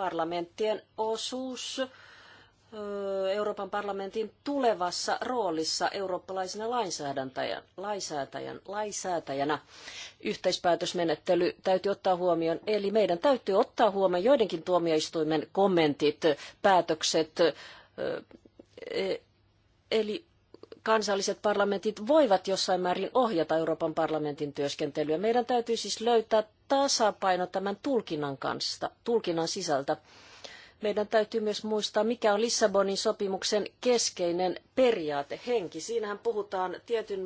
parlamenttien osuus Euroopan parlamentin tulevassa roolissa eurooppalaisena lainsäädäntäjän, lainsäätäjän, lainsäätäjänä. Yhteispäätösmenettely täytyy ottaa huomioon, eli meidän täytyy ottaa huomioon joidenkin tuomioistuimen kommentit, päätökset, e, eli kansalliset parlamentit voivat jossain määrin ohjata Euroopan parlamentin työskentelyä. Meidän täytyy siis löytää tasapaino tämän tulkinnan kanssa, tulkinnan sisältä. Meidän täytyy myös muistaa, mikä on Lissabonin sopimuksen keskeinen periaatehenki. Siinähän puhutaan tietyn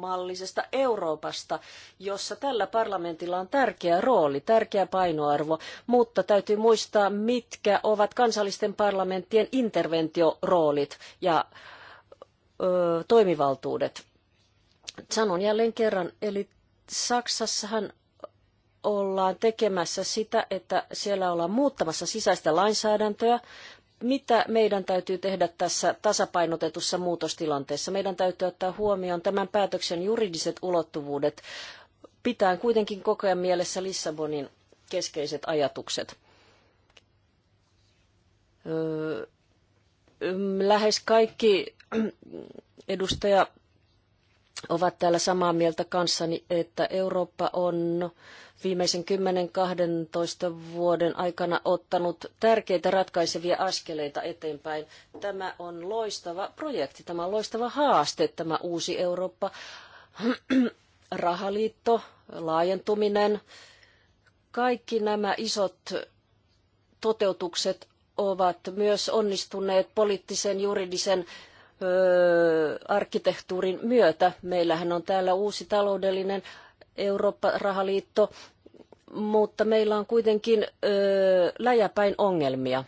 mallisesta Euroopasta, jossa tällä parlamentilla on tärkeä rooli, tärkeä painoarvo, mutta täytyy muistaa, mitkä ovat kansallisten parlamenttien interventioroolit ja ö, toimivaltuudet. Sanon jälleen kerran, eli Saksassahan ollaan tekemässä sitä, että siellä ollaan muuttamassa sisäistä lainsäädäntöä, mitä meidän täytyy tehdä tässä tasapainotetussa muutostilanteessa? Meidän täytyy ottaa huomioon tämän päätöksen juridiset ulottuvuudet, pitää kuitenkin koko ajan mielessä Lissabonin keskeiset ajatukset. Öö, lähes kaikki edustaja ovat täällä samaa mieltä kanssani, että Eurooppa on viimeisen 10-12 vuoden aikana ottanut tärkeitä ratkaisevia askeleita eteenpäin. Tämä on loistava projekti, tämä on loistava haaste, tämä uusi Eurooppa, rahaliitto, laajentuminen. Kaikki nämä isot toteutukset ovat myös onnistuneet poliittisen, juridisen arkkitehtuurin myötä. Meillähän on täällä uusi taloudellinen Eurooppa-rahaliitto, mutta meillä on kuitenkin läjäpäin ongelmia.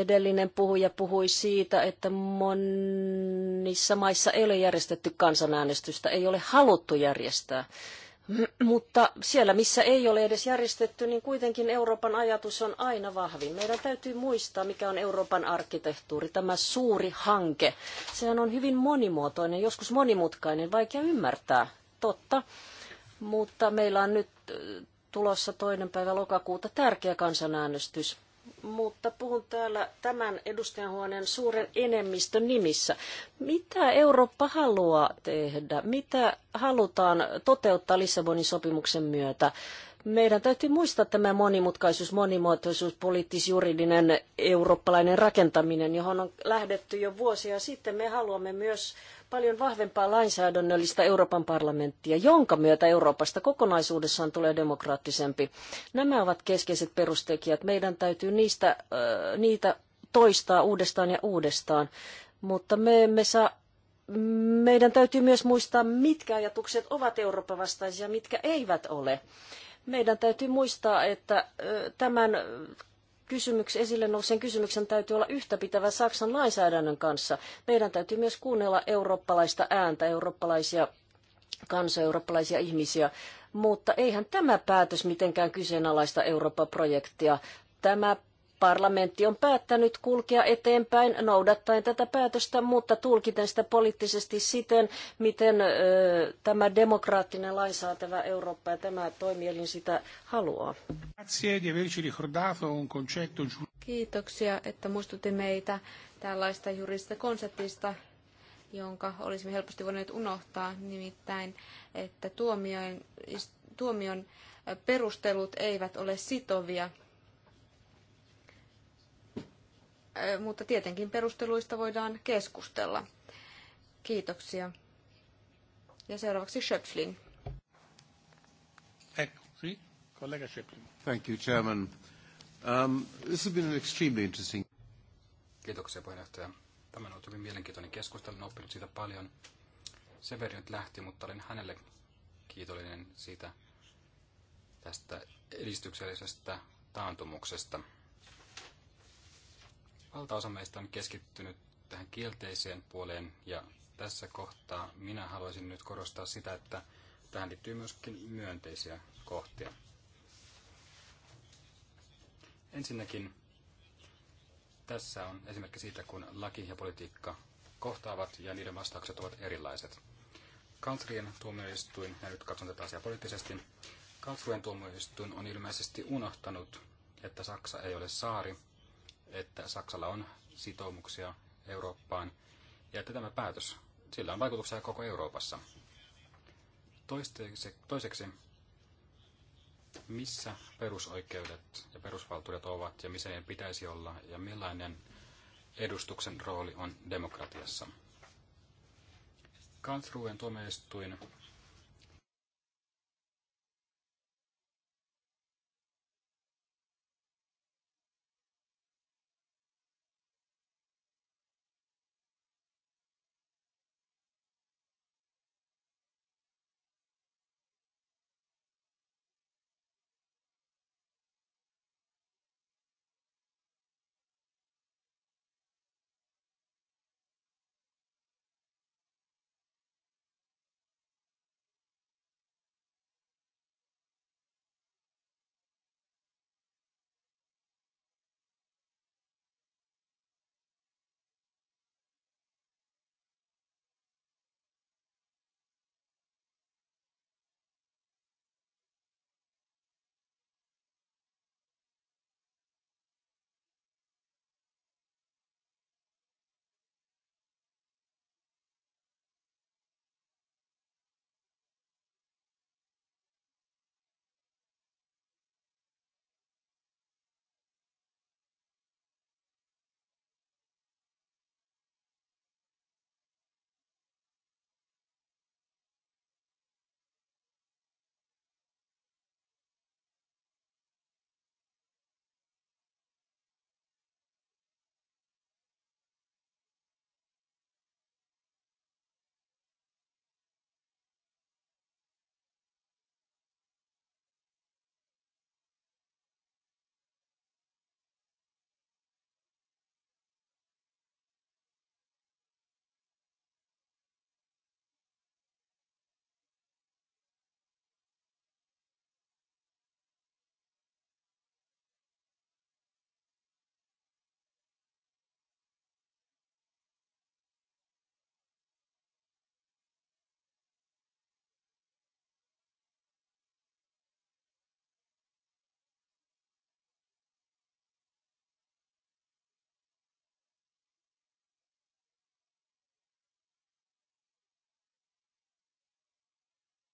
Edellinen puhuja puhui siitä, että monissa maissa ei ole järjestetty kansanäänestystä, ei ole haluttu järjestää Mutta siellä, missä ei ole edes järjestetty, niin kuitenkin Euroopan ajatus on aina vahvin. Meidän täytyy muistaa, mikä on Euroopan arkkitehtuuri, tämä suuri hanke. Sehän on hyvin monimuotoinen, joskus monimutkainen, vaikea ymmärtää, totta. Mutta meillä on nyt äh, tulossa toinen päivä lokakuuta tärkeä kansanäänestys – mutta puhun täällä tämän edustajanhuoneen suuren enemmistön nimissä. Mitä Eurooppa haluaa tehdä? Mitä halutaan toteuttaa Lissabonin sopimuksen myötä? Meidän täytyy muistaa tämä monimutkaisuus, monimuotoisuus, poliittis-juridinen eurooppalainen rakentaminen, johon on lähdetty jo vuosia sitten. Me haluamme myös paljon vahvempaa lainsäädännöllistä Euroopan parlamenttia, jonka myötä Euroopasta kokonaisuudessaan tulee demokraattisempi. Nämä ovat keskeiset perustekijät. Meidän täytyy niistä, niitä toistaa uudestaan ja uudestaan, mutta me emme saa meidän täytyy myös muistaa, mitkä ajatukset ovat Euroopan vastaisia, mitkä eivät ole. Meidän täytyy muistaa, että tämän kysymyksen esille nousseen kysymyksen täytyy olla yhtäpitävä Saksan lainsäädännön kanssa. Meidän täytyy myös kuunnella eurooppalaista ääntä, eurooppalaisia kansoja, eurooppalaisia ihmisiä. Mutta eihän tämä päätös mitenkään kyseenalaista Eurooppa-projektia. Tämä Parlamentti on päättänyt kulkea eteenpäin noudattaen tätä päätöstä, mutta tulkiten sitä poliittisesti siten, miten ö, tämä demokraattinen lainsäätävä Eurooppa ja tämä toimielin sitä haluaa. Kiitoksia, että muistutti meitä tällaista juridista konseptista, jonka olisimme helposti voineet unohtaa, nimittäin, että tuomion, tuomion perustelut eivät ole sitovia mutta tietenkin perusteluista voidaan keskustella. Kiitoksia. Ja seuraavaksi Schöpflin. Kollega eh, Schöpflin. Thank you, Chairman. Um, this has been an extremely interesting... Kiitoksia puheenjohtaja. Tämä on ollut hyvin mielenkiintoinen keskustelu, olen oppinut siitä paljon. Severi nyt lähti, mutta olen hänelle kiitollinen siitä tästä edistyksellisestä taantumuksesta valtaosa meistä on keskittynyt tähän kielteiseen puoleen ja tässä kohtaa minä haluaisin nyt korostaa sitä, että tähän liittyy myöskin myönteisiä kohtia. Ensinnäkin tässä on esimerkki siitä, kun laki ja politiikka kohtaavat ja niiden vastaukset ovat erilaiset. Kaltrien tuomioistuin, ja nyt katson tätä asiaa poliittisesti, Kaltrien tuomioistuin on ilmeisesti unohtanut, että Saksa ei ole saari, että Saksalla on sitoumuksia Eurooppaan ja että tämä päätös, sillä on vaikutuksia koko Euroopassa. Toisteksi, toiseksi, missä perusoikeudet ja perusvaltuudet ovat ja missä ne pitäisi olla ja millainen edustuksen rooli on demokratiassa. Karlsruen tuomioistuin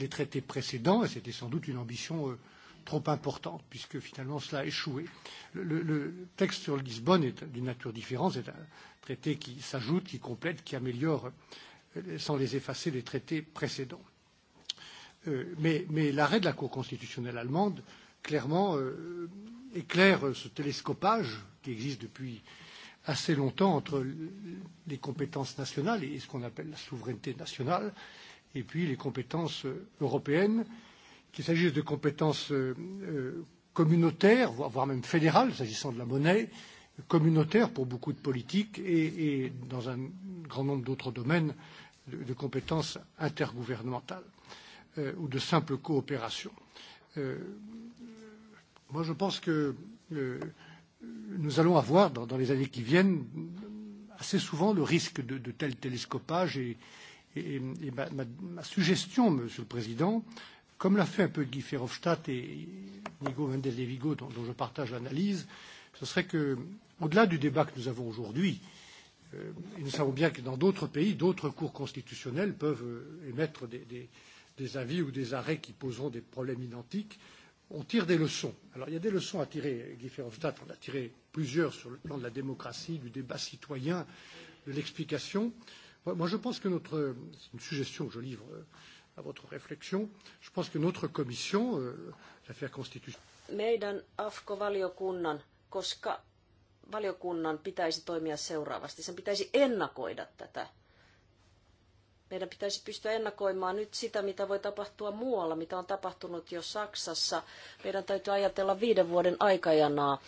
les traités précédents, et c'était sans doute une ambition euh, trop importante, puisque finalement cela a échoué. Le, le, le texte sur Lisbonne est d'une nature différente, c'est un traité qui s'ajoute, qui complète, qui améliore, euh, sans les effacer, les traités précédents. Euh, mais mais l'arrêt de la Cour constitutionnelle allemande, clairement, euh, éclaire ce télescopage qui existe depuis assez longtemps entre les compétences nationales et ce qu'on appelle la souveraineté nationale, euh, et puis les compétences euh, européennes, qu'il s'agisse de compétences euh, euh, communautaires, voire même fédérales, s'agissant de la monnaie, communautaires pour beaucoup de politiques et, et dans un grand nombre d'autres domaines de, de compétences intergouvernementales euh, ou de simple coopération. Euh, moi, je pense que euh, nous allons avoir dans, dans les années qui viennent assez souvent le risque de, de tel télescopage et, et, et ma, ma, ma suggestion, Monsieur le Président, comme l'a fait un peu Guy Verhofstadt et Nigo Mendel de Vigo, dont, dont je partage l'analyse, ce serait que, au-delà du débat que nous avons aujourd'hui, euh, et nous savons bien que dans d'autres pays, d'autres cours constitutionnels peuvent euh, émettre des, des, des avis ou des arrêts qui poseront des problèmes identiques, on tire des leçons. Alors il y a des leçons à tirer. Guy Verhofstadt en a tiré plusieurs sur le plan de la démocratie, du débat citoyen, de l'explication. Euh, Moi, je pense que notre. C'est une suggestion que je livre euh, à votre réflexion. Je pense que notre commission, euh, l'affaire constitutionnelle. Meidän AFKO-valiokunnan, koska valiokunnan pitäisi toimia seuraavasti. Sen pitäisi ennakoida tätä. Meidän pitäisi pystyä ennakoimaan nyt sitä, mitä voi tapahtua muualla, mitä on tapahtunut jo Saksassa. Meidän täytyy ajatella viiden vuoden aikajanaa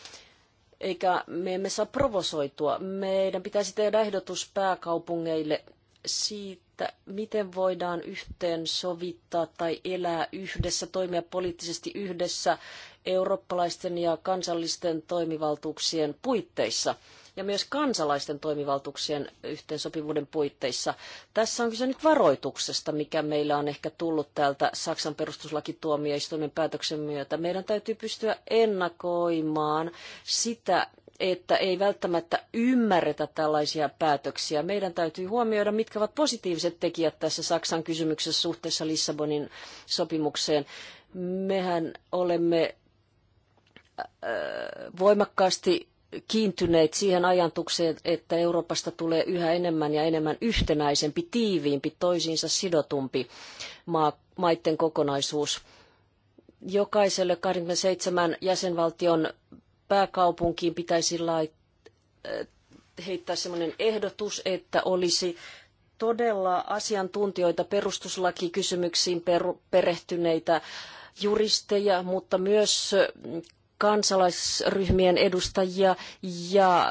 eikä me emme saa provosoitua. Meidän pitäisi tehdä ehdotus pääkaupungeille siitä, miten voidaan yhteen sovittaa tai elää yhdessä, toimia poliittisesti yhdessä eurooppalaisten ja kansallisten toimivaltuuksien puitteissa – ja myös kansalaisten toimivaltuuksien yhteensopivuuden puitteissa. Tässä on kyse nyt varoituksesta, mikä meillä on ehkä tullut täältä Saksan perustuslakituomioistuimen päätöksen myötä. Meidän täytyy pystyä ennakoimaan sitä, että ei välttämättä ymmärretä tällaisia päätöksiä. Meidän täytyy huomioida, mitkä ovat positiiviset tekijät tässä Saksan kysymyksessä suhteessa Lissabonin sopimukseen. Mehän olemme äh, voimakkaasti kiintyneet siihen ajatukseen, että Euroopasta tulee yhä enemmän ja enemmän yhtenäisempi, tiiviimpi, toisiinsa sidotumpi maa, maiden kokonaisuus. Jokaiselle 27 jäsenvaltion pääkaupunkiin pitäisi lait, eh, heittää sellainen ehdotus, että olisi todella asiantuntijoita perustuslakikysymyksiin per, perehtyneitä juristeja, mutta myös kansalaisryhmien edustajia ja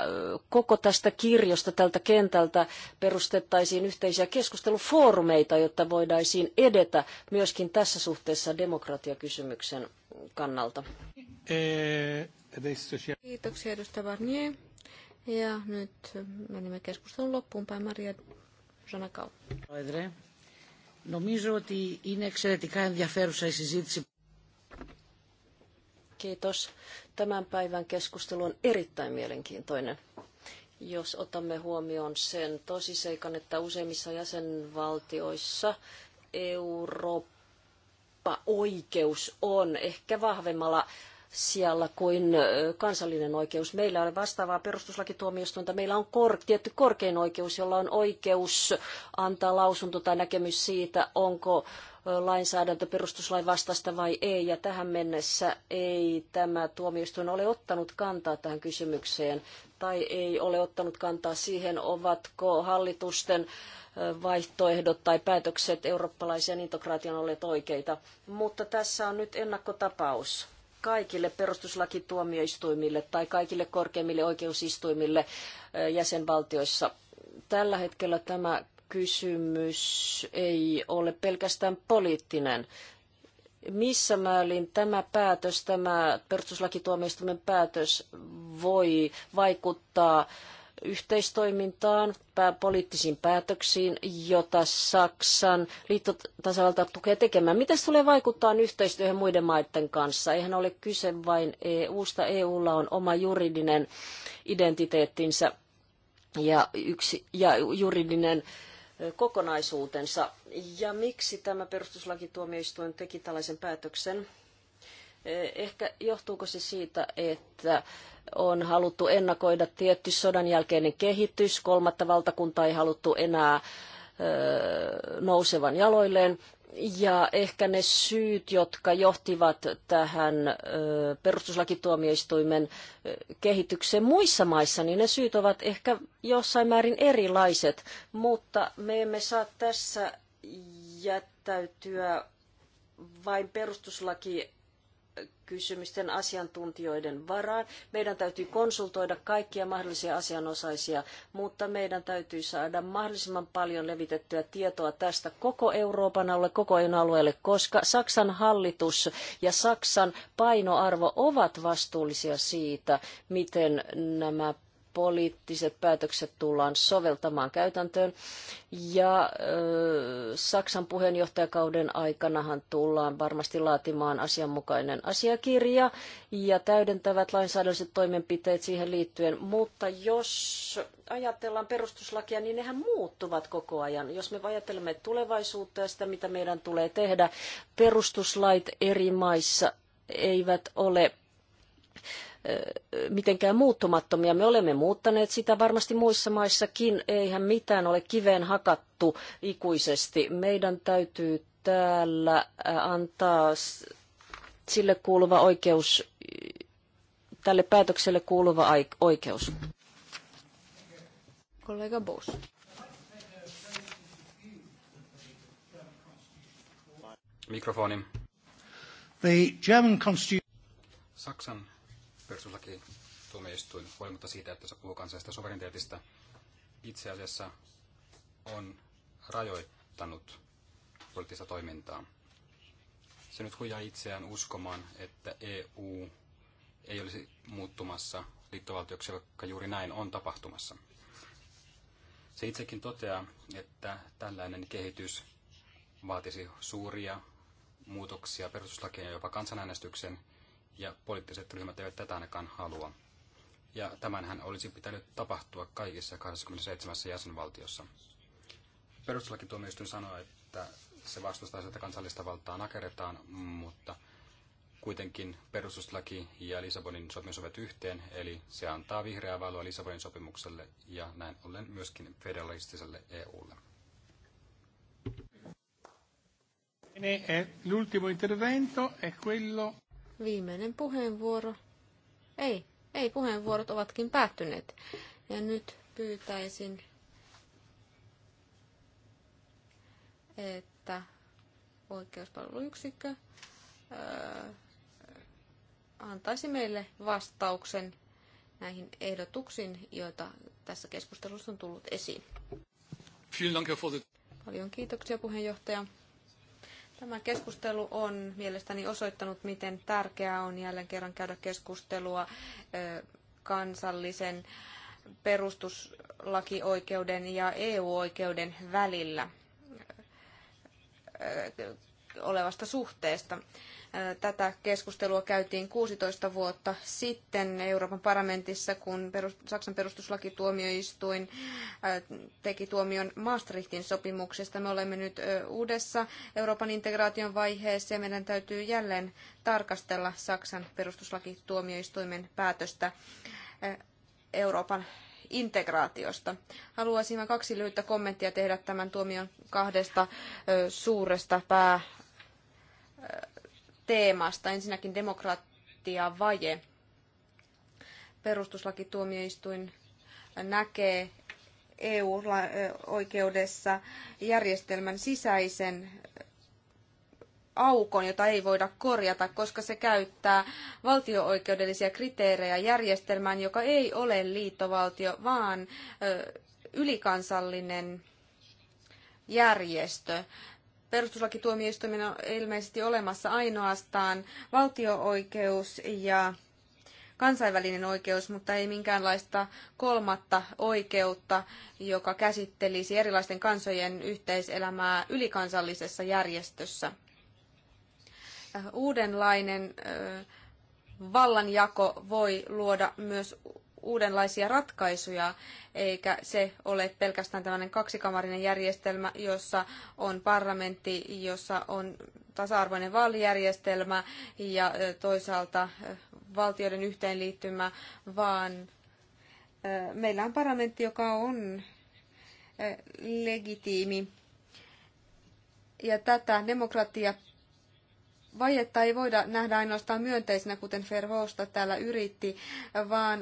koko tästä kirjosta tältä kentältä perustettaisiin yhteisiä keskustelufoorumeita, jotta voitaisiin edetä myöskin tässä suhteessa demokratiakysymyksen kannalta. Eh, Kiitoksia edustaja Barnier. Ja nyt menemme keskustelun loppuun päin. Maria Ζανακάου. Νομίζω ότι είναι εξαιρετικά ενδιαφέρουσα Kiitos. Tämän päivän keskustelu on erittäin mielenkiintoinen. Jos otamme huomioon sen tosiseikan, että useimmissa jäsenvaltioissa Eurooppa-oikeus on ehkä vahvemmalla sijalla kuin kansallinen oikeus. Meillä on vastaavaa perustuslakituomioistuinta. Meillä on kor- tietty korkein oikeus, jolla on oikeus antaa lausunto tai näkemys siitä, onko lainsäädäntö perustuslain vastaista vai ei. Ja tähän mennessä ei tämä tuomioistuin ole ottanut kantaa tähän kysymykseen tai ei ole ottanut kantaa siihen, ovatko hallitusten vaihtoehdot tai päätökset eurooppalaisen integraation olleet oikeita. Mutta tässä on nyt ennakkotapaus kaikille perustuslakituomioistuimille tai kaikille korkeimmille oikeusistuimille jäsenvaltioissa. Tällä hetkellä tämä kysymys ei ole pelkästään poliittinen. Missä määrin tämä päätös, tämä perustuslakituomioistuimen päätös voi vaikuttaa yhteistoimintaan, poliittisiin päätöksiin, jota Saksan liittotasavalta tukee tekemään. Miten se tulee vaikuttaa yhteistyöhön muiden maiden kanssa? Eihän ole kyse vain EU-sta. EUlla on oma juridinen identiteettinsä ja, yksi, ja juridinen kokonaisuutensa. Ja miksi tämä perustuslakituomioistuin teki tällaisen päätöksen? Ehkä johtuuko se siitä, että on haluttu ennakoida tietty sodan jälkeinen kehitys, kolmatta valtakuntaa ei haluttu enää nousevan jaloilleen. Ja ehkä ne syyt, jotka johtivat tähän perustuslakituomioistuimen kehitykseen muissa maissa, niin ne syyt ovat ehkä jossain määrin erilaiset, mutta me emme saa tässä jättäytyä vain perustuslaki kysymysten asiantuntijoiden varaan. Meidän täytyy konsultoida kaikkia mahdollisia asianosaisia, mutta meidän täytyy saada mahdollisimman paljon levitettyä tietoa tästä koko Euroopan alueelle, koko EUn alueelle, koska Saksan hallitus ja Saksan painoarvo ovat vastuullisia siitä, miten nämä poliittiset päätökset tullaan soveltamaan käytäntöön. Ja ö, Saksan puheenjohtajakauden aikanahan tullaan varmasti laatimaan asianmukainen asiakirja ja täydentävät lainsäädännölliset toimenpiteet siihen liittyen. Mutta jos ajatellaan perustuslakia, niin nehän muuttuvat koko ajan. Jos me ajattelemme tulevaisuutta ja sitä, mitä meidän tulee tehdä, perustuslait eri maissa eivät ole mitenkään muuttumattomia. Me olemme muuttaneet sitä varmasti muissa maissakin. Eihän mitään ole kiveen hakattu ikuisesti. Meidän täytyy täällä antaa sille kuuluva oikeus, tälle päätökselle kuuluva oikeus. Kollega Bos. Mikrofoni. The German Saksan perustuslaki tuomioistuin huolimatta siitä, että se puhuu kansallisesta suvereniteetista, itse asiassa on rajoittanut poliittista toimintaa. Se nyt huijaa itseään uskomaan, että EU ei olisi muuttumassa liittovaltioksi, vaikka juuri näin on tapahtumassa. Se itsekin toteaa, että tällainen kehitys vaatisi suuria muutoksia perustuslakien ja jopa kansanäänestyksen, ja poliittiset ryhmät eivät tätä ainakaan halua. Ja tämänhän olisi pitänyt tapahtua kaikissa 27 jäsenvaltiossa. Perustuslakituomioistuin sanoi, että se vastustaa sitä kansallista valtaa nakeretaan, mutta kuitenkin perustuslaki ja Lissabonin sopimus ovat yhteen, eli se antaa vihreää valoa Lissabonin sopimukselle ja näin ollen myöskin federalistiselle EUlle. Eh, l'ultimo intervento è quello Viimeinen puheenvuoro. Ei, ei, puheenvuorot ovatkin päättyneet. Ja nyt pyytäisin, että oikeuspalveluyksikkö äh, antaisi meille vastauksen näihin ehdotuksiin, joita tässä keskustelussa on tullut esiin. Paljon kiitoksia puheenjohtaja. Tämä keskustelu on mielestäni osoittanut, miten tärkeää on jälleen kerran käydä keskustelua kansallisen perustuslakioikeuden ja EU-oikeuden välillä olevasta suhteesta. Tätä keskustelua käytiin 16 vuotta sitten Euroopan parlamentissa, kun Saksan perustuslakituomioistuin teki tuomion Maastrichtin sopimuksesta. Me olemme nyt uudessa Euroopan integraation vaiheessa ja meidän täytyy jälleen tarkastella Saksan perustuslakituomioistuimen päätöstä Euroopan integraatiosta. Haluaisin vain kaksi lyhyttä kommenttia tehdä tämän tuomion kahdesta suuresta pää teemasta. Ensinnäkin demokratiavaje. Perustuslakituomioistuin näkee EU-oikeudessa järjestelmän sisäisen aukon, jota ei voida korjata, koska se käyttää valtiooikeudellisia kriteerejä järjestelmään, joka ei ole liittovaltio, vaan ylikansallinen järjestö perustuslakituomioistuimen on ilmeisesti olemassa ainoastaan valtiooikeus ja kansainvälinen oikeus, mutta ei minkäänlaista kolmatta oikeutta, joka käsittelisi erilaisten kansojen yhteiselämää ylikansallisessa järjestössä. Uudenlainen vallanjako voi luoda myös uudenlaisia ratkaisuja, eikä se ole pelkästään tämmöinen kaksikamarinen järjestelmä, jossa on parlamentti, jossa on tasa-arvoinen vaalijärjestelmä ja toisaalta valtioiden yhteenliittymä, vaan meillä on parlamentti, joka on legitiimi. Ja tätä demokratia vajetta ei voida nähdä ainoastaan myönteisenä, kuten Fervosta täällä yritti, vaan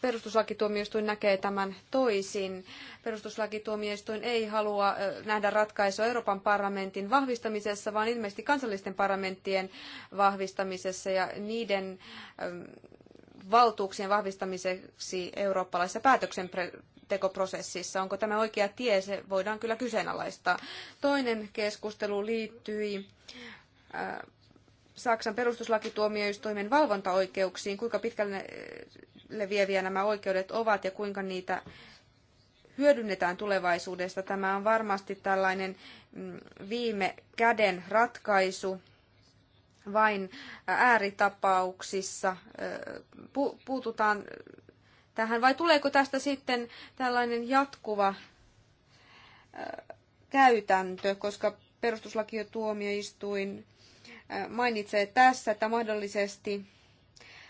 perustuslakituomioistuin näkee tämän toisin. Perustuslakituomioistuin ei halua nähdä ratkaisua Euroopan parlamentin vahvistamisessa, vaan ilmeisesti kansallisten parlamenttien vahvistamisessa ja niiden valtuuksien vahvistamiseksi eurooppalaisessa päätöksentekoprosessissa. Onko tämä oikea tie? Se voidaan kyllä kyseenalaistaa. Toinen keskustelu liittyi Saksan perustuslakituomioistuimen valvontaoikeuksiin, kuinka pitkälle leviäviä nämä oikeudet ovat ja kuinka niitä hyödynnetään tulevaisuudesta. Tämä on varmasti tällainen mm, viime käden ratkaisu vain ääritapauksissa. Puututaan tähän vai tuleeko tästä sitten tällainen jatkuva käytäntö, koska perustuslakituomioistuin mainitsee tässä, että mahdollisesti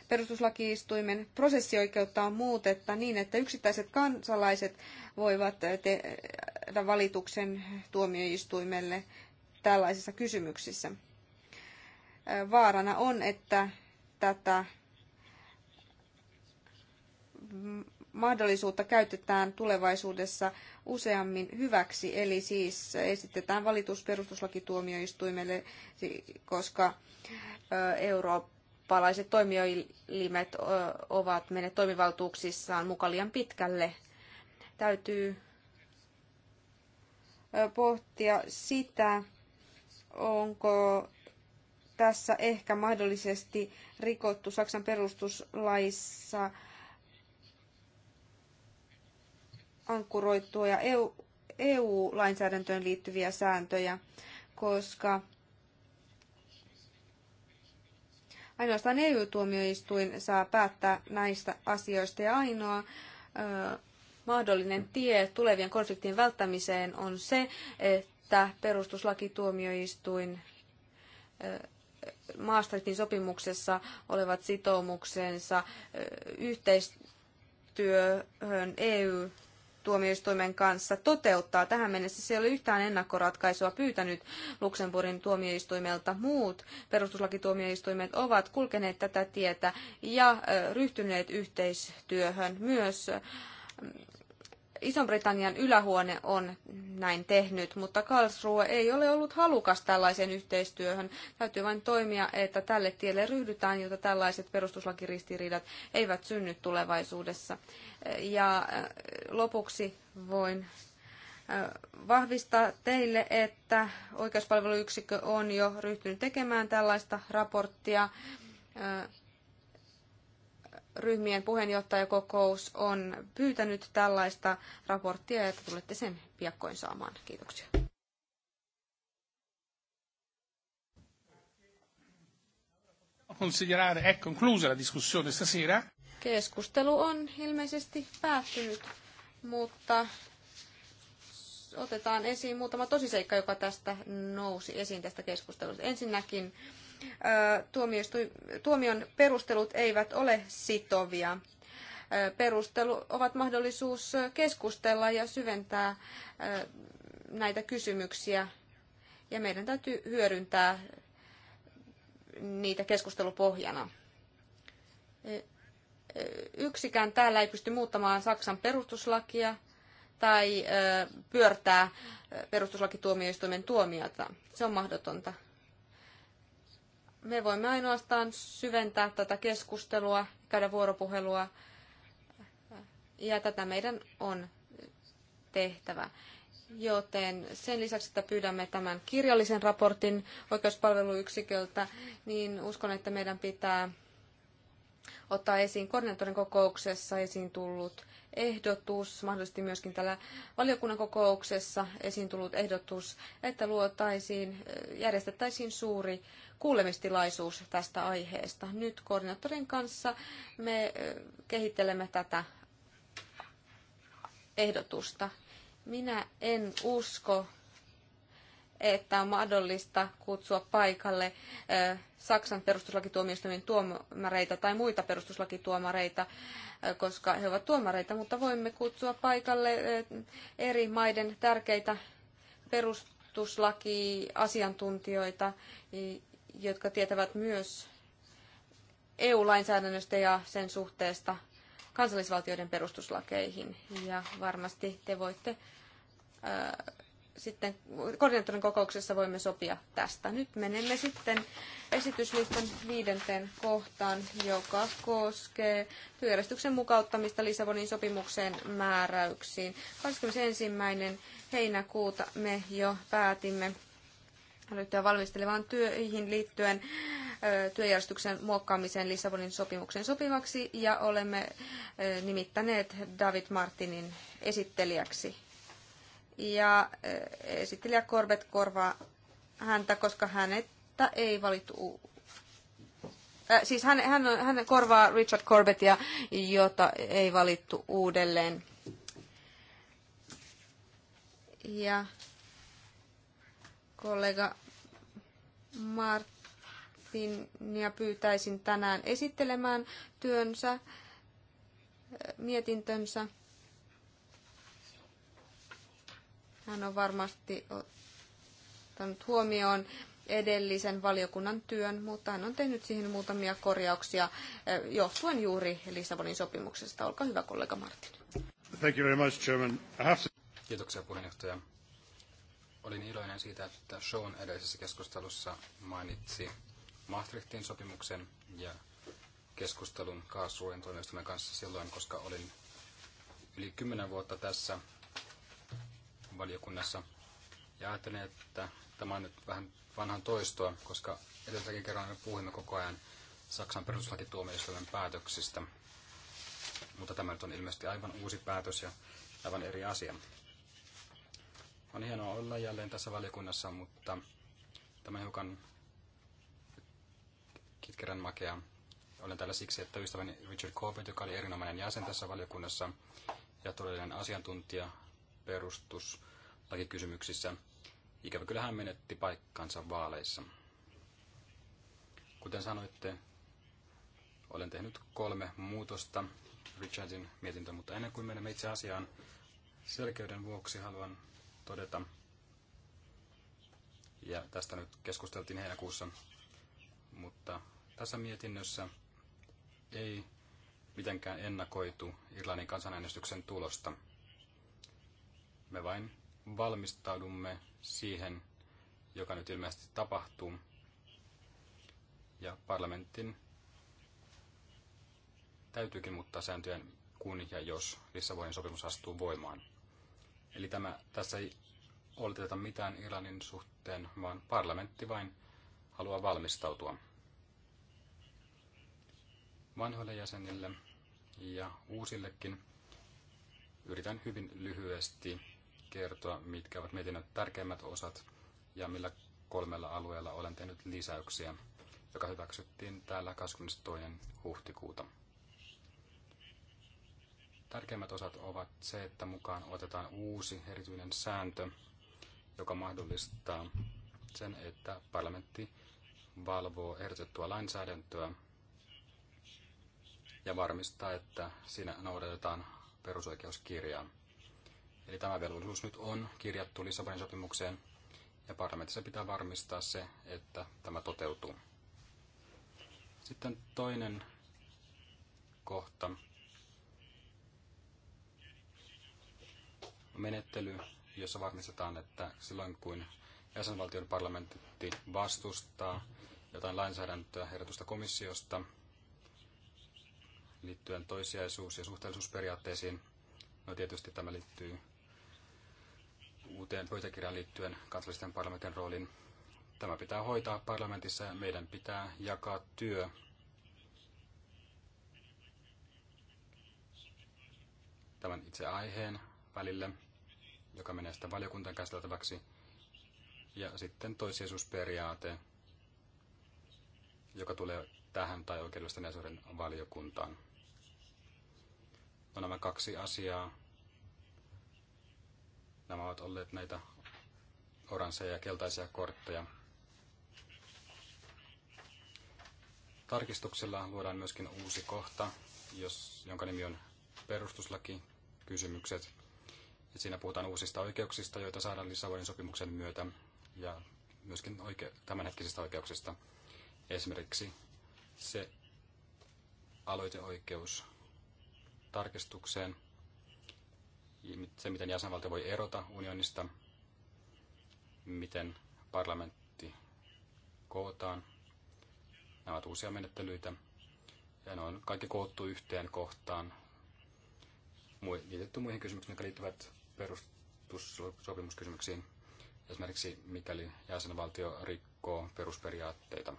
perustuslakiistuimen prosessioikeutta on muutetta niin, että yksittäiset kansalaiset voivat tehdä valituksen tuomioistuimelle tällaisissa kysymyksissä. Vaarana on, että tätä mahdollisuutta käytetään tulevaisuudessa useammin hyväksi, eli siis esitetään valitus perustuslakituomioistuimelle, koska Eurooppa eurooppalaiset toimielimet ovat menet toimivaltuuksissaan mukaan liian pitkälle. Täytyy pohtia sitä, onko tässä ehkä mahdollisesti rikottu Saksan perustuslaissa ja EU-lainsäädäntöön e liittyviä sääntöjä, koska Ainoastaan EU-tuomioistuin saa päättää näistä asioista ja ainoa ö, mahdollinen tie tulevien konfliktien välttämiseen on se, että perustuslakituomioistuin ö, Maastrichtin sopimuksessa olevat sitoumuksensa yhteistyöhön EU tuomioistuimen kanssa toteuttaa. Tähän mennessä se ei ole yhtään ennakkoratkaisua pyytänyt Luxemburgin tuomioistuimelta. Muut perustuslakituomioistuimet ovat kulkeneet tätä tietä ja ryhtyneet yhteistyöhön myös Ison-Britannian ylähuone on näin tehnyt, mutta Karlsruhe ei ole ollut halukas tällaiseen yhteistyöhön. Täytyy vain toimia, että tälle tielle ryhdytään, jotta tällaiset perustuslakiristiriidat eivät synny tulevaisuudessa. Ja äh, lopuksi voin äh, vahvistaa teille, että oikeuspalveluyksikkö on jo ryhtynyt tekemään tällaista raporttia äh, ryhmien puheenjohtajakokous on pyytänyt tällaista raporttia, että tulette sen piakkoin saamaan. Kiitoksia. Considerare è conclusa la discussione stasera. Keskustelu on ilmeisesti päättynyt, mutta otetaan esiin muutama tosiseikka, joka tästä nousi esiin tästä keskustelusta. Ensinnäkin tuomion perustelut eivät ole sitovia. Perustelu ovat mahdollisuus keskustella ja syventää näitä kysymyksiä ja meidän täytyy hyödyntää niitä keskustelupohjana. Yksikään täällä ei pysty muuttamaan Saksan perustuslakia tai pyörtää perustuslakituomioistuimen tuomiota. Se on mahdotonta me voimme ainoastaan syventää tätä keskustelua, käydä vuoropuhelua, ja tätä meidän on tehtävä. Joten sen lisäksi, että pyydämme tämän kirjallisen raportin oikeuspalveluyksiköltä, niin uskon, että meidän pitää ottaa esiin koordinaattorin kokouksessa esiin tullut ehdotus, mahdollisesti myöskin tällä valiokunnan kokouksessa esiin tullut ehdotus, että luotaisiin, järjestettäisiin suuri kuulemistilaisuus tästä aiheesta. Nyt koordinaattorin kanssa me eh, kehittelemme tätä ehdotusta. Minä en usko että on mahdollista kutsua paikalle Saksan perustuslakituomioistuimen tuomareita tai muita perustuslakituomareita, koska he ovat tuomareita, mutta voimme kutsua paikalle eri maiden tärkeitä perustuslakiasiantuntijoita, jotka tietävät myös EU-lainsäädännöstä ja sen suhteesta kansallisvaltioiden perustuslakeihin. Ja varmasti te voitte sitten koordinaattorin kokouksessa voimme sopia tästä. Nyt menemme sitten esityslistan viidenteen kohtaan, joka koskee työjärjestyksen mukauttamista Lissabonin sopimukseen määräyksiin. 21. heinäkuuta me jo päätimme ryhtyä valmistelevaan työihin liittyen työjärjestyksen muokkaamiseen Lissabonin sopimuksen sopivaksi ja olemme nimittäneet David Martinin esittelijäksi ja e, esittelijä Corbett korvaa häntä, koska hänettä ei valittu äh, Siis hän, hän, hän korvaa Richard Corbettia, jota ei valittu uudelleen. Ja kollega Martinia pyytäisin tänään esittelemään työnsä, e, mietintönsä. Hän on varmasti ottanut huomioon edellisen valiokunnan työn, mutta hän on tehnyt siihen muutamia korjauksia eh, johtuen juuri Lissabonin sopimuksesta. Olkaa hyvä kollega Martin. Thank you very much, Chairman. To... Kiitoksia puheenjohtaja. Olin iloinen siitä, että Sean edellisessä keskustelussa mainitsi Maastrichtin sopimuksen ja keskustelun kaasuuden toimistomme kanssa silloin, koska olin yli kymmenen vuotta tässä valiokunnassa. Ja ajattelin, että tämä on nyt vähän vanhan toistoa, koska edelläkin kerran me puhuimme koko ajan Saksan perustuslakituomioistuimen päätöksistä. Mutta tämä nyt on ilmeisesti aivan uusi päätös ja aivan eri asia. On hienoa olla jälleen tässä valiokunnassa, mutta tämä hiukan kitkerän makea. Olen täällä siksi, että ystäväni Richard Corbett, joka oli erinomainen jäsen tässä valiokunnassa ja todellinen asiantuntija perustuslakikysymyksissä. Ikävä kyllä hän menetti paikkansa vaaleissa. Kuten sanoitte, olen tehnyt kolme muutosta Richardin mietintöön, mutta ennen kuin menemme itse asiaan, selkeyden vuoksi haluan todeta, ja tästä nyt keskusteltiin heinäkuussa, mutta tässä mietinnössä ei mitenkään ennakoitu Irlannin kansanäänestyksen tulosta. Me vain valmistaudumme siihen, joka nyt ilmeisesti tapahtuu. Ja parlamentin täytyykin muuttaa sääntöjen kun ja jos Lissabonin sopimus astuu voimaan. Eli tämä, tässä ei oleteta mitään Iranin suhteen, vaan parlamentti vain haluaa valmistautua vanhoille jäsenille ja uusillekin. Yritän hyvin lyhyesti kertoa, mitkä ovat mietinnön tärkeimmät osat ja millä kolmella alueella olen tehnyt lisäyksiä, joka hyväksyttiin täällä 22. huhtikuuta. Tärkeimmät osat ovat se, että mukaan otetaan uusi erityinen sääntö, joka mahdollistaa sen, että parlamentti valvoo ehdotettua lainsäädäntöä ja varmistaa, että siinä noudatetaan perusoikeuskirjaa. Eli tämä velvollisuus nyt on kirjattu Lissabonin sopimukseen, ja parlamentissa pitää varmistaa se, että tämä toteutuu. Sitten toinen kohta. Menettely, jossa varmistetaan, että silloin kun jäsenvaltion parlamentti vastustaa jotain lainsäädäntöä herätusta komissiosta liittyen toisiaisuus- ja suhteellisuusperiaatteisiin, no tietysti tämä liittyy uuteen pöytäkirjaan liittyen kansallisten parlamentin roolin. Tämä pitää hoitaa parlamentissa ja meidän pitää jakaa työ. tämän itse aiheen välille, joka menee sitten valiokuntaan käsiteltäväksi, ja sitten toissijaisuusperiaate, joka tulee tähän tai oikeudellisten asioiden valiokuntaan. No nämä kaksi asiaa Nämä ovat olleet näitä oransseja ja keltaisia kortteja. Tarkistuksella luodaan myöskin uusi kohta, jos, jonka nimi on perustuslakikysymykset. Ja siinä puhutaan uusista oikeuksista, joita saadaan Lissabonin sopimuksen myötä ja myöskin oike- tämänhetkisistä oikeuksista. Esimerkiksi se aloiteoikeus tarkistukseen – se, miten jäsenvaltio voi erota unionista, miten parlamentti kootaan. Nämä ovat uusia menettelyitä. Ja ne on kaikki koottu yhteen kohtaan, liitetty muihin kysymyksiin, jotka liittyvät perustussopimuskysymyksiin, esimerkiksi mikäli jäsenvaltio rikkoo perusperiaatteita.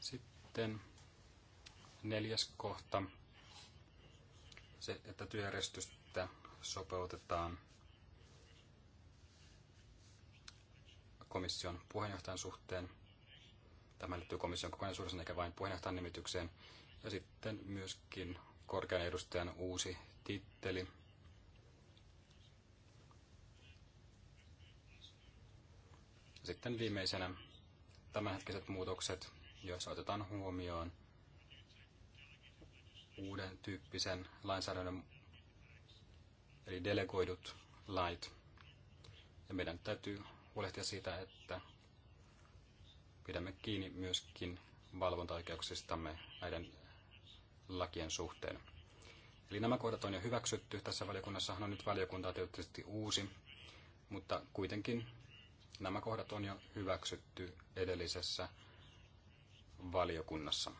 Sitten neljäs kohta se, että työjärjestystä sopeutetaan komission puheenjohtajan suhteen. Tämä liittyy komission kokonaisuudessaan eikä vain puheenjohtajan nimitykseen. Ja sitten myöskin korkean edustajan uusi titteli. Sitten viimeisenä tämänhetkiset muutokset, joissa otetaan huomioon – uuden tyyppisen lainsäädännön, eli delegoidut lait. Ja meidän täytyy huolehtia siitä, että pidämme kiinni myöskin valvontaoikeuksistamme näiden lakien suhteen. Eli nämä kohdat on jo hyväksytty. Tässä valiokunnassahan on nyt valiokunta tietysti uusi, mutta kuitenkin nämä kohdat on jo hyväksytty edellisessä valiokunnassa.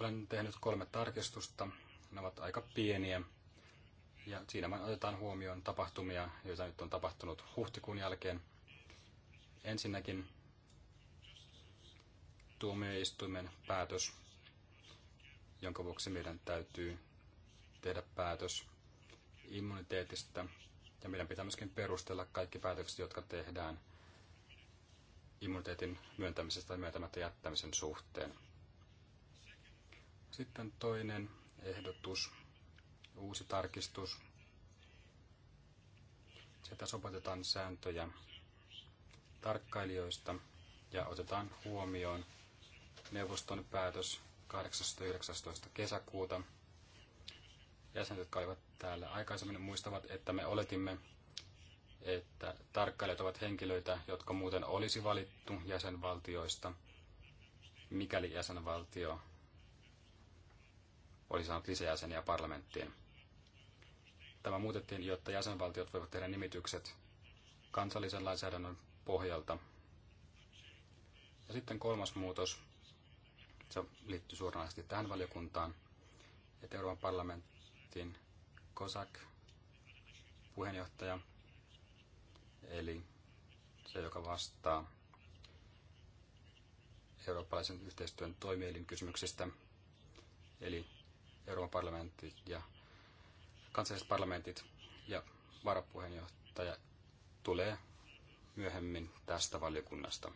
Olen tehnyt kolme tarkistusta. Ne ovat aika pieniä. Ja siinä otetaan huomioon tapahtumia, joita nyt on tapahtunut huhtikuun jälkeen. Ensinnäkin tuomioistuimen päätös, jonka vuoksi meidän täytyy tehdä päätös immuniteetista. Ja meidän pitää myöskin perustella kaikki päätökset, jotka tehdään immuniteetin myöntämisestä tai myöntämättä jättämisen suhteen. Sitten toinen ehdotus, uusi tarkistus. Sieltä sopotetaan sääntöjä tarkkailijoista ja otetaan huomioon neuvoston päätös 18.19. kesäkuuta. Jäsenet, jotka olivat täällä aikaisemmin, muistavat, että me oletimme, että tarkkailijat ovat henkilöitä, jotka muuten olisi valittu jäsenvaltioista, mikäli jäsenvaltio oli saanut lisäjäseniä parlamenttiin. Tämä muutettiin, jotta jäsenvaltiot voivat tehdä nimitykset kansallisen lainsäädännön pohjalta. Ja sitten kolmas muutos, se liittyy suoranaisesti tähän valiokuntaan, että Euroopan parlamentin COSAC puheenjohtaja, eli se, joka vastaa eurooppalaisen yhteistyön toimielin kysymyksistä, eli Euroopan parlamentti ja kansalliset parlamentit ja varapuheenjohtaja tulee myöhemmin tästä valiokunnasta.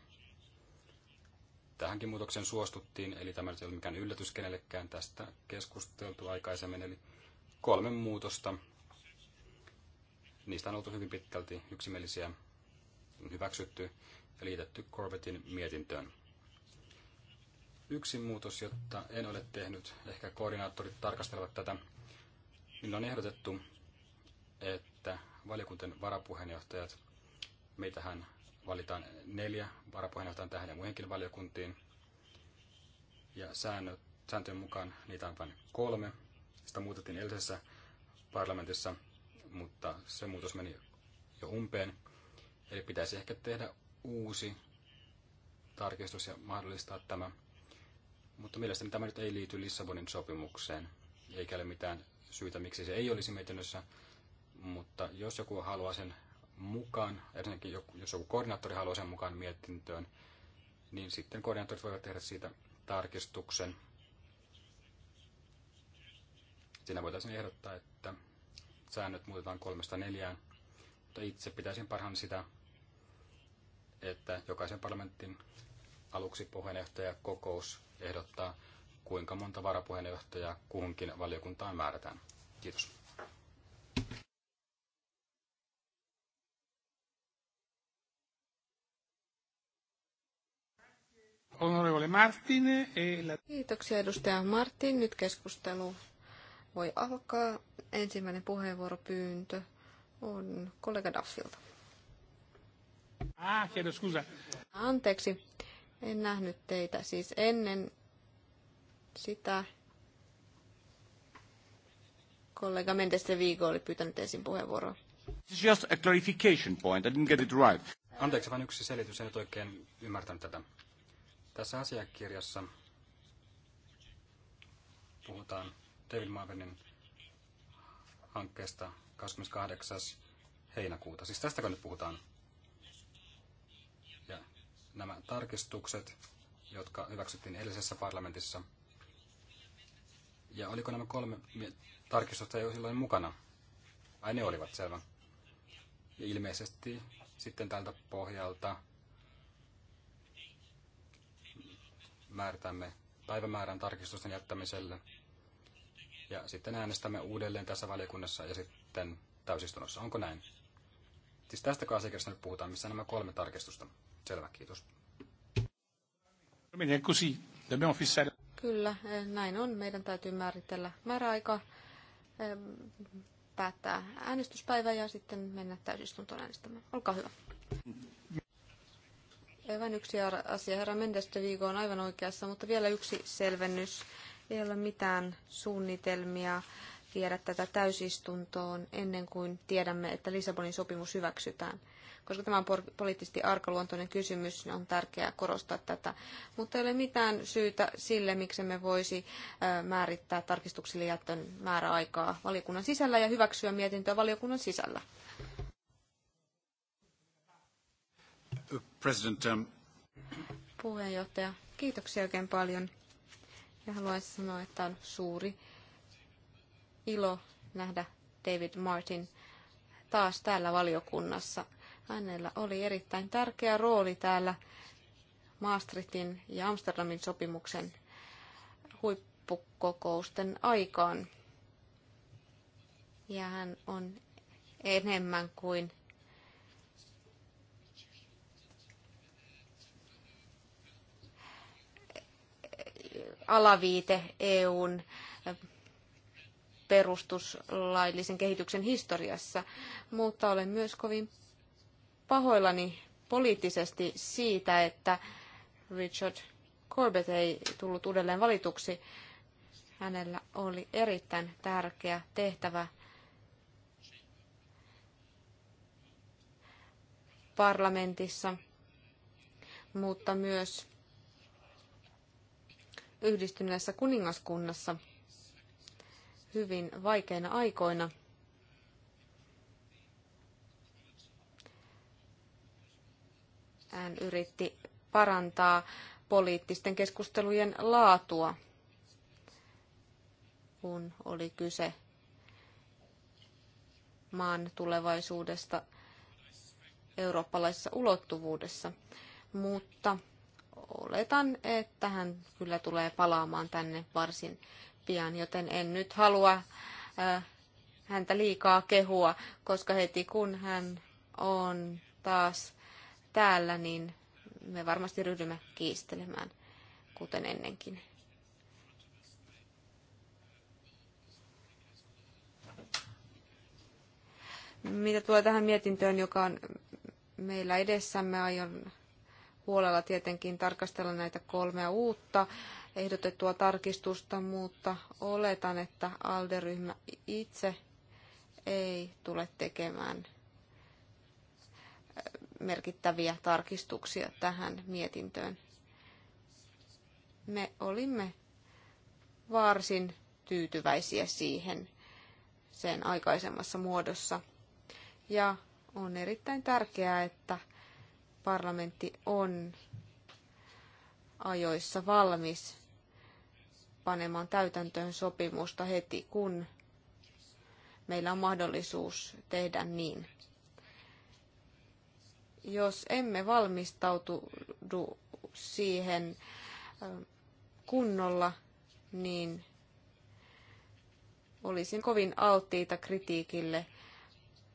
Tähänkin muutokseen suostuttiin, eli tämä ei ole mikään yllätys kenellekään. Tästä keskusteltu aikaisemmin, eli kolme muutosta. Niistä on oltu hyvin pitkälti yksimielisiä, hyväksytty ja liitetty Corbettin mietintöön yksi muutos, jotta en ole tehnyt, ehkä koordinaattorit tarkastelevat tätä. Niillä on ehdotettu, että valiokunten varapuheenjohtajat, meitähän valitaan neljä varapuheenjohtajan ja muihinkin valiokuntiin, ja säännöt, sääntöjen mukaan niitä on vain kolme. Sitä muutettiin eilisessä parlamentissa, mutta se muutos meni jo umpeen. Eli pitäisi ehkä tehdä uusi tarkistus ja mahdollistaa tämä mutta mielestäni tämä nyt ei liity Lissabonin sopimukseen, eikä ole mitään syytä, miksi se ei olisi mietinnössä. Mutta jos joku haluaa sen mukaan, ensinnäkin jos joku koordinaattori haluaa sen mukaan mietintöön, niin sitten koordinaattorit voivat tehdä siitä tarkistuksen. Siinä voitaisiin ehdottaa, että säännöt muutetaan kolmesta neljään, mutta itse pitäisin parhaan sitä, että jokaisen parlamentin aluksi puheenjohtajakokous ehdottaa, kuinka monta varapuheenjohtajaa kuhunkin valiokuntaan määrätään. Kiitos. E Kiitoksia edustaja Martin. Nyt keskustelu voi alkaa. Ensimmäinen puheenvuoropyyntö on kollega Daffilta. Ah, chiedo scusa. Anteeksi. En nähnyt teitä siis ennen sitä. Kollega Mendes de Vigo oli pyytänyt ensin puheenvuoroa. It's just a clarification point. I didn't get it right. Anteeksi, vain yksi selitys. En oikein ymmärtänyt tätä. Tässä asiakirjassa puhutaan David Marvinin hankkeesta 28. heinäkuuta. Siis tästäkö nyt puhutaan? nämä tarkistukset, jotka hyväksyttiin edellisessä parlamentissa. Ja oliko nämä kolme tarkistusta jo silloin mukana? Ai ne olivat, selvä. Ja ilmeisesti sitten tältä pohjalta määritämme päivämäärän tarkistusten jättämiselle. Ja sitten äänestämme uudelleen tässä valiokunnassa ja sitten täysistunnossa. Onko näin? Siis tästä asiakirjasta nyt puhutaan, missä nämä kolme tarkistusta. Selvä, kiitos. Kyllä, eh, näin on. Meidän täytyy määritellä määräaika, eh, päättää äänestyspäivä ja sitten mennä täysistuntoon äänestämään. Olkaa hyvä. Vain yksi asia. Herra Mendes de Vigo on aivan oikeassa, mutta vielä yksi selvennys. Ei ole mitään suunnitelmia viedä tätä täysistuntoon ennen kuin tiedämme, että Lissabonin sopimus hyväksytään koska tämä on poliittisesti arkaluontoinen kysymys, niin on tärkeää korostaa tätä. Mutta ei ole mitään syytä sille, miksi me voisi määrittää tarkistuksille jättön määräaikaa valiokunnan sisällä ja hyväksyä mietintöä valiokunnan sisällä. President, um... Puheenjohtaja, kiitoksia oikein paljon. Ja haluaisin sanoa, että on suuri ilo nähdä David Martin taas täällä valiokunnassa. Hänellä oli erittäin tärkeä rooli täällä Maastrichtin ja Amsterdamin sopimuksen huippukokousten aikaan. Ja hän on enemmän kuin alaviite EUn perustuslaillisen kehityksen historiassa, mutta olen myös kovin pahoillani poliittisesti siitä, että Richard Corbett ei tullut uudelleen valituksi. Hänellä oli erittäin tärkeä tehtävä parlamentissa, mutta myös yhdistyneessä kuningaskunnassa hyvin vaikeina aikoina. Hän yritti parantaa poliittisten keskustelujen laatua, kun oli kyse maan tulevaisuudesta eurooppalaisessa ulottuvuudessa. Mutta oletan, että hän kyllä tulee palaamaan tänne varsin pian, joten en nyt halua äh, häntä liikaa kehua, koska heti kun hän on taas täällä, niin me varmasti ryhdymme kiistelemään, kuten ennenkin. Mitä tulee tähän mietintöön, joka on meillä edessämme, aion huolella tietenkin tarkastella näitä kolmea uutta ehdotettua tarkistusta, mutta oletan, että ALDE-ryhmä itse ei tule tekemään merkittäviä tarkistuksia tähän mietintöön. Me olimme varsin tyytyväisiä siihen sen aikaisemmassa muodossa. Ja on erittäin tärkeää, että parlamentti on ajoissa valmis panemaan täytäntöön sopimusta heti, kun meillä on mahdollisuus tehdä niin jos emme valmistautu siihen ähm, kunnolla, niin olisin kovin alttiita kritiikille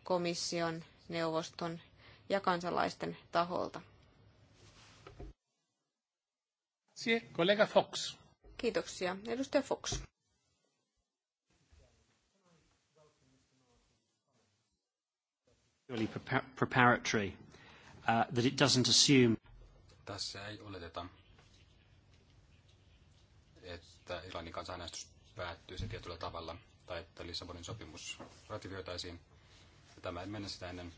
komission, neuvoston ja kansalaisten taholta. Kollega Fox. Kiitoksia. Edustaja Fox. Preparatory uh, that it doesn't assume. Tässä ei oleteta, että Iranin kansanäänestys päättyisi tietyllä tavalla tai että Lissabonin sopimus ratifioitaisiin. Tämä ei mennä sitä ennen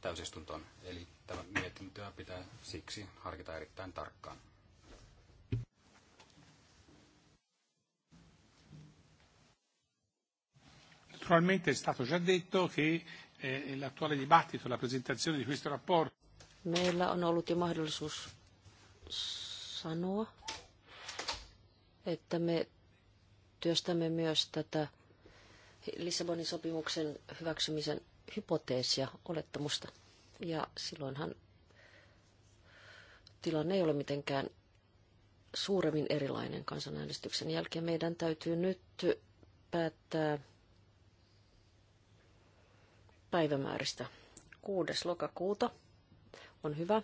täysistuntoon, eli tämä mietintöä pitää siksi harkita erittäin tarkkaan. Naturalmente è stato già detto che eh, l'attuale dibattito, la presentazione di questo rapporto Meillä on ollut jo mahdollisuus sanoa, että me työstämme myös tätä Lissabonin sopimuksen hyväksymisen hypoteesia, olettamusta. Ja silloinhan tilanne ei ole mitenkään suuremmin erilainen kansanäänestyksen jälkeen. Meidän täytyy nyt päättää päivämääristä 6. lokakuuta on hyvä.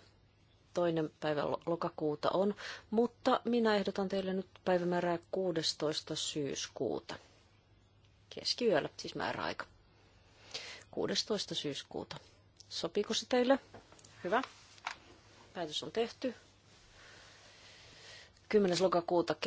Toinen päivä lokakuuta on, mutta minä ehdotan teille nyt päivämäärää 16. syyskuuta. Keskiyöllä, siis määräaika. 16. syyskuuta. Sopiiko se teille? Hyvä. Päätös on tehty. 10. lokakuuta